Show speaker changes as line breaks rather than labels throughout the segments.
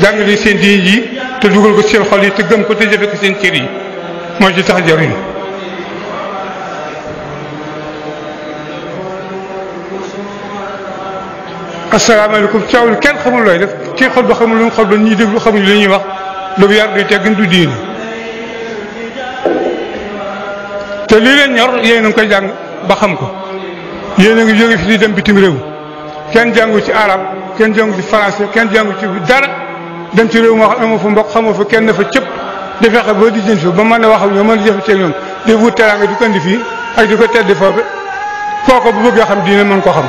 jàngale seen diine ji te dugal ko seen xol yi te gëm ko te jëfe ko seen cër yi moo ci tax jariñ asalaamaaleykum caawul kenn xamul looy def kii xol ba xamul lu mu xol ba ñuy déglu xamuñu li ñuy wax loolu yar du teggin du diine te lii leen ñor yéen a ngi koy jàng ba xam ko yéen a ngi jóge fi di dem bitim réew kenn jàngu ci arab kenn jàngu ci français kenn jàngu ci dara. dem ci réew ma xam amoo fu mbokk xamoo fa kenn fa cëpp di fexe ba di jën fi ba mën a wax ak ñoom mën a jëfandikoo ak ñoom di wut teraanga di ko indi fii ak di ko tedd foofu kooku bu bëggee xam diine mën ko xam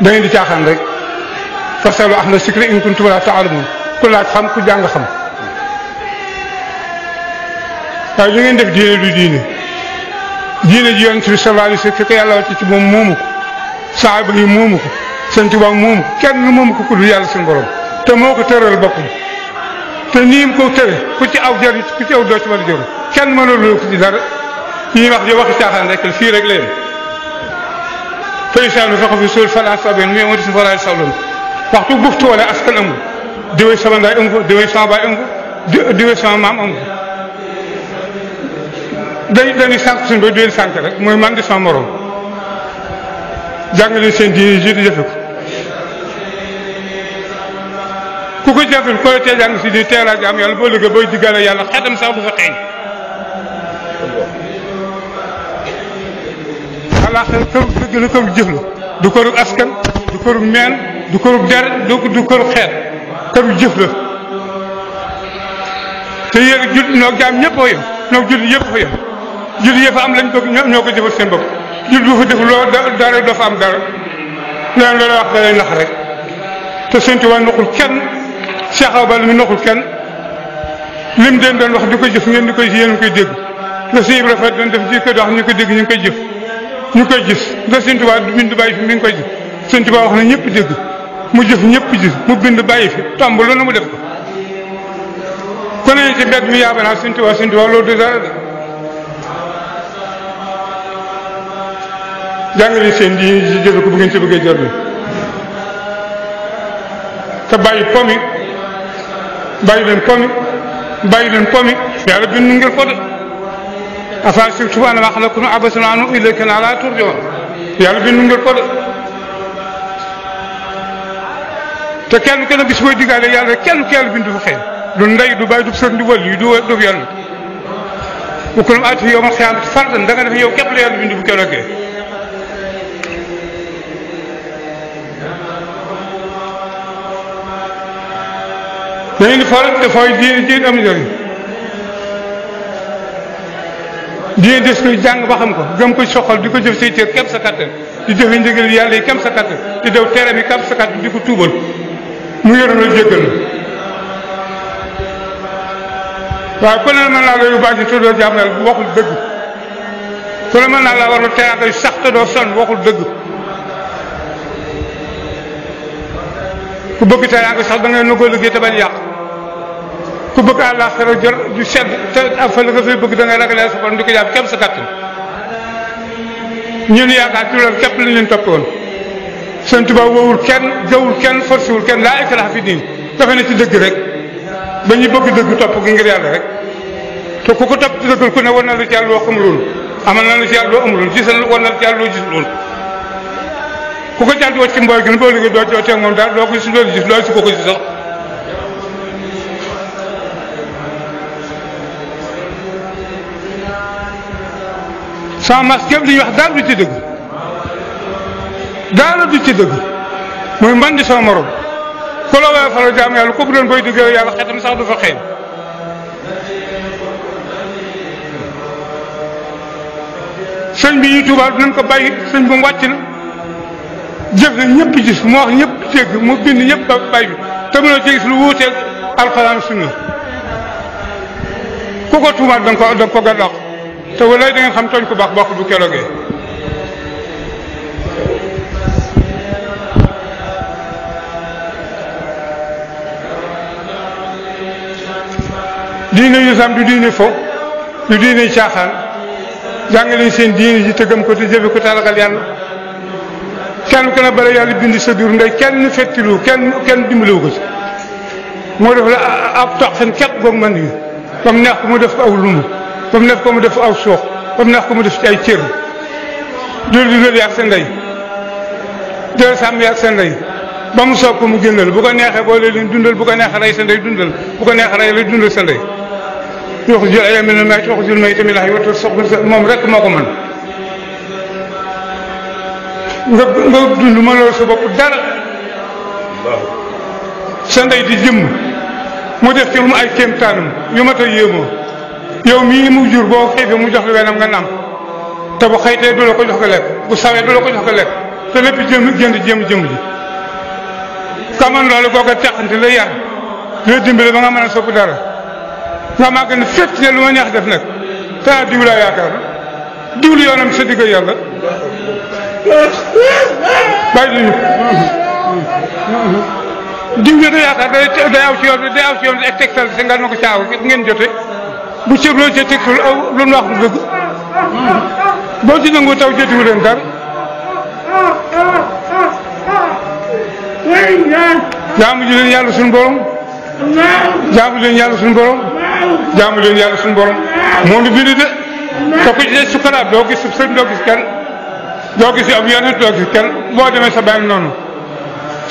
da di caaxaan rek fasalu ahla zikri in kuntum laa ta'lamuun ku laaj xam ku jàng xam waaye li def diine du diine diine ji yonent bi sallallahu alayhi wasallam fi ko yàlla wàcc ci moom moomu ko saaba yi moomu ko sëñ Tuubaa moomu kenn moomu ko ku dul yàlla suñu borom te moo ko tëral boppam te niim ko tëre ku ci aw jëriñ ku ci aw doo ci mën a jëriñ kenn mënul ko ci dara ñuy wax di waxi caaxaan rek fii rek leen fayisaan bi faqa fi suul falaa sabin mais moo di si falaa sabloon waxtu buuf toole askan amul diwee sama ndaay am am ko diwee sama ko day dañuy sànq suñu bay du rek mooy man di sama morom jàng leen seen diine ji di jëfe ko ku ko jafin koy teel jàng si di teel a jaam yàlla boo liggéey booy diggaale yàlla xetam sax du fa xeeñ walla këru këru jëf la du këru askan du këru meen du këru der du këru xeet këru jëf la te yéen jul noog jaam ñëpp a yem noog jul yëpp a yem jul am lañ bëgg ñoom ñoo ko jëfal seen bopp jul bu fa def loo dara doo fa am dara leen la wax da lay rek te seen tubaab naqul kenn Cheikh Awa Balla mi noxul kenn lim den doon wax di ko jëf ngeen di koy yéen koy dégg la si Ibra Faal ko wax ñu ko dégg ñu ngi koy jëf ñu koy gis la Sëñ Tuubaa bàyyi fi mi ngi koy jëf Sëñ Tuubaa wax na ñëpp dégg mu jëf ñépp gis mu bind bàyyi fi tomb loolu mu def ko ku ci mbedd mi yaaba naa Sëñ Tuubaa Sëñ loolu dara de jàngale seen di jëfe ko bu ci bëggee jot bi te bàyyi pomi bay leen pomi bàyyi leen pomi yàlla bind ngir ko de afasibtum annamaa xalaqnaakum abasan wa annakum ilayhinaa laa turja'uun yàlla bind ngir ko de te kenn kenn bis booy diggaale yàlla kenn kenn bindu fa xëy du ndey du bàyyi du sën du wàll yi du du yàlla bu ko doon aati yow ma xiyaamat fardan da nga def yow képp la yàlla bindu bu kenn da ngeen di faral di fooy des koy jàng ba xam ko gëm koy soxal di ko jëf say cër kem sa kattan di jëfe njëgal yàlla yi kem sa kattan di daw teram yi kem sa kattan di ko tuubal mu yoroon la jéggal la waaye ku ne mën naa la naa la war na teraanga yu sax te doo sonn waxul dëgg ku bëgg teraanga sax da ngay nangoo liggéey te bañ yàq ku bëgg àllaaxira jor ju sedd te fa la nga fay bëgg da ngay ragalee sa borom di ko jàpp képp sa kàttan ñun yaakaar ci loolu képp lañ leen topp woon sëñ Tuba wowul kenn jawul kenn forcewul kenn laa ikraaha fi diin dafa ne ci dëgg rek ba ñu bëgg dëgg topp gi ngir yàlla rek te ku ko topp ci dëggal ku ne war na lu ci yàlla loo xamuloon amal na lu ci yàlla loo amuloon gisal war na lu ci yàlla loo gisul woon ku ko jàdd woo ci mbooy gi boo liggéey doo ci woo moom daal doo ko gis doo gis doo si ko ko gis sax sans masque yëpp li ñuy wax dara du ci dëgg dara du ci dëgg muy mban di sama morom ku la woowee falo jaam yàlla ku bu doon bay dugg yow yàlla xetam sax du fa xeeñ sëñ bi ñuy tuubaal dinañ ko bàyyi sëñ bi mu wàcc na jëf na ñëpp gis mu wax mu bind ñëpp ba bàyyi bi te mënoo ci gis sunna ku ko tuumaat da ko da nga te walaay da xam tooñ ku baax bokk bu keroogee diine lislaam du diine fo du diine caaxaan jàngale seen diine ji tëggam ko te jëfe ko te ragal yàlla kenn ku ne bare yàlla bind sa biir kenn fettilu kenn kenn dimbaliwu ko ci moo def la ab toq seen képp goog man yi comme neex ko mu def ko aw lumu ba mu nekk ko mu def aw suux ba mu nekk ko mu def ci ay cër dul dundal yaag sa ndey deel sàmm yaag ba mu soog ko mu génnal bu ko neexee boole leen dundal bu ko neexee rey sa ndey dundal bu ko neexee rey la dundal sa ndey yoo ko jël ay amina may yoo ko jël may tamit lax wata sox moom rek moo ko mën nga dund mënoo sa bopp dara sa di jëmm mu def ci mu ay kéemtaanam yu mat a yow mii mu jur boo xiifee mu jox la wenam nga nam te bu xëytee du la ko jox nga lekk bu sawee du la ko jox nga lekk te lépp jëm jënd jéem jëm ji. kaman loolu kooku teqante la nga mën a sopp dara nga màgg ne fekk ne lu ma neex def nag te naa diw laa yaakaar diwlu yoonam sa digg yàlla bàyyi duñu diw da yaakaar day aw ci yoon bi day aw ci si nga ne ko caaw ngeen jote bu ceeb loolu joteekul aw lu mu wax du dëgg boo ci nangu taw jotewu leen dara jaamu ji leen yàlla suñu borom jaamu ji leen yàlla suñu borom jaamu ji leen yàlla suñu borom moo ñu bind de te ku ci des sukkaraat doo gis sëñ doo gis kenn doo gis ab yonent doo gis kenn boo demee sa bàyyi noonu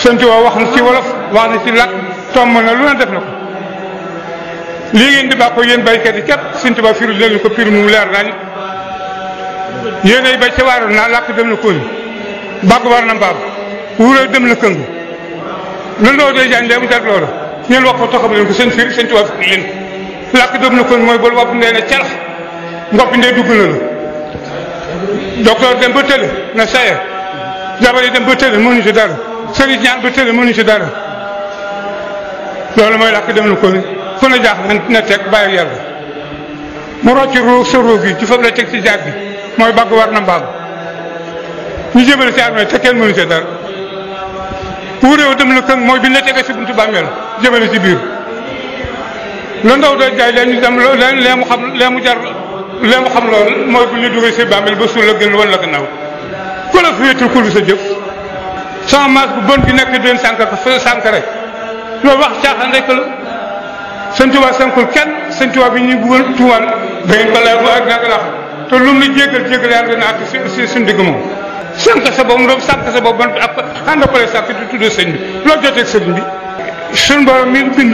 sëñ Tuubaa wax na ci wolof wax na ci làkk tomb na lu ne def na ko lii di bakko yéen baykat yi kat Sëñ Tuubaa firi leen ko firi mu leer nañ yéen ay bay ca waaroon naa làkk dem na kóoñ bàkk war na mbaam wuuree dem na këng loolu loo dee jaan mu jar loola ñeen wax ko taxam leen ko sëñ firi Sëñ Tuubaa firi na kóoñ mooy boolu wopp ndee ne calax ngopp ndee dugg na la den dem ba tële na saye jabar yi dem ba tële mënuñu ci dara sëriñ ñaan ba tële mënuñu ci dara loolu mooy làkk dem na kóoñ fu la jaax na teg bàyyi yàlla mu rocc ruuf sa ruuf gi ci fab la teg ci jaag bi mooy bàgg war na mbaam ñu jëmale ci armée te kenn mënu ci dara wuréew dem la këng mooy bi ñu la si bunt bàmmeel jëmale ci biir la ndaw doon jaay leen ñu dem lee mu xam lee mu jar lee mu xam lool mooy bu ñu duggee si bàmmeel ba suul la gën wan la gannaaw ku la féetul ku lu sa jëf sama maas bu bon bi nekk den sànk sànk rek loolu wax caaxaan rek sëñ Tuubaa sankul kenn sëñ bi ñu bëggoon tuumaal da ngeen ko laaj bu ak naka te lu mu la jéggal jéggal yaa ngi àgg si si suñu digg moom. sànq sa boobu sa boobu ban ab ànd ko lay sànq di tuddee sëñ bi loo jotee sëñ bi suñu borom mi bind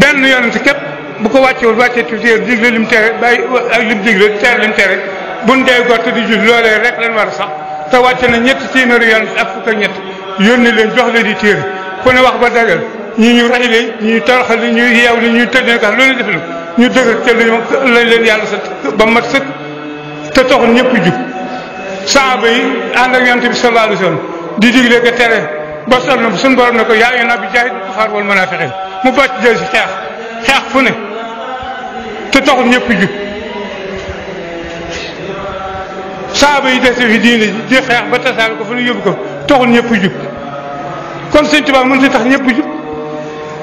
benn yonent képp bu ko wàccee wul wàccee tuuti digle lim tere bàyyi ak lim digle tere lim tere bu nu dee gott di jul loolee rek lan war a sax te wàcce na ñetti téeméeri yonent ak fukk ak ñett leen jox leen di téere ko ne wax ba dagal ñi ñu rajale ñi ñu toroxal ñi ñuy yeew li ñuy tëddee kax loolu def na ñu dëgër te luñ leen yàlla sa ba mat sëkk te taxul ñëpp jub saaba yi ànd ak yonent bi sallallahu alayhi wasallam di digle ko tere ba sol na suñu borom ne ko yaa ayyuhan nabiyyu jaahidil kuffaara wal munaafiqiin mu bàcc jël si xeex xeex fu ne te taxul ñëpp jub saaba yi dese fi diine di xeex ba tasaare ko fu ñu yóbbu ko taxul ñëpp jub kon Sëñ Tuubaa mën si tax ñëpp jub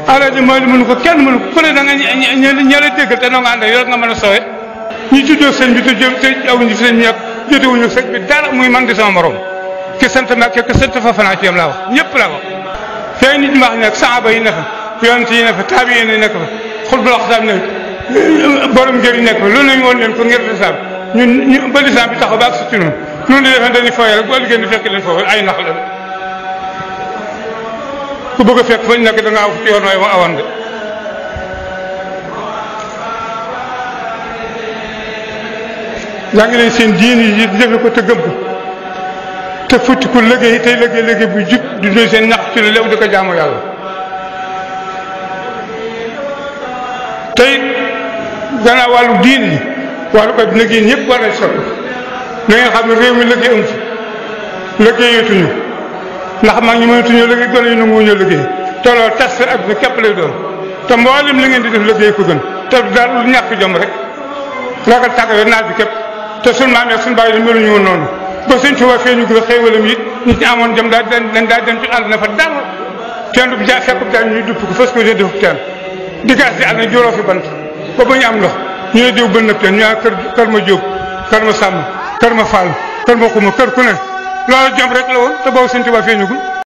alaaji Maalik mënu ko kenn mënu ko ku ne da nga ña lay te noo nga ànd nga mën a sowe ñi juddoo sëñ bi te jëm te awuñu fi sëñ bi ak jotewuñu sëñ bi dara muy man di sama morom ki sant Mbàkke ki sant fa fanaa ci yam laa wax ñëpp laa wax fee yi ne fa yonent yi ne fa taabi yi ne nekk fa xutbul axtaab ne borom njëriñ nekk fa loolu lañu woon leen ko ngir lislaam ñun ba lislaam bi taxaw ba ak si ci noonu di defee dañuy fooyee rek bu ëllëgee ñu fekk leen foofu ay nax la ku bëgg a fekk fañ nekk da ngaa ci yoon ngi ma awoon de leen seen diin yi di ko te gëm ko te futti ku liggéey tey liggéey liggéey bu jub di doy seen ñax ci lu lew di ko jaamu yàlla tey gannaaw wàllu diin yi wàllu ko liggéey ñëpp war na sot na nga réew mi liggéey am fi liggéeyatuñu ndax mag ñi mënatuñoo liggéey a yi nanguwuñoo liggéey te loolu tas seen adduna képp lay doon te mboolem li ngeen di def liggéey ko gën te du daal lu ñàkk jom rek ragal tàggat naaj bi képp te suñu maam yi suñu bàyyi dañu meluñu woon noonu ba suñ Tuubaa fee ñu gën a xéewalam it ñi ci amoon jom daal daal dem ci àll na fa dal teen du ja fekk daal ñuy dupp ko fas ko dee def teen di gas di àll na juróo fi bant ba ba ñu am ndox ñu ne diw bënn teen ñu naan kër ma jóob kër ma sàmm kër ma fàll kër ma xuma ku ne loolu jom rek la woon te boobu Sëñ Tuubaa feeñagul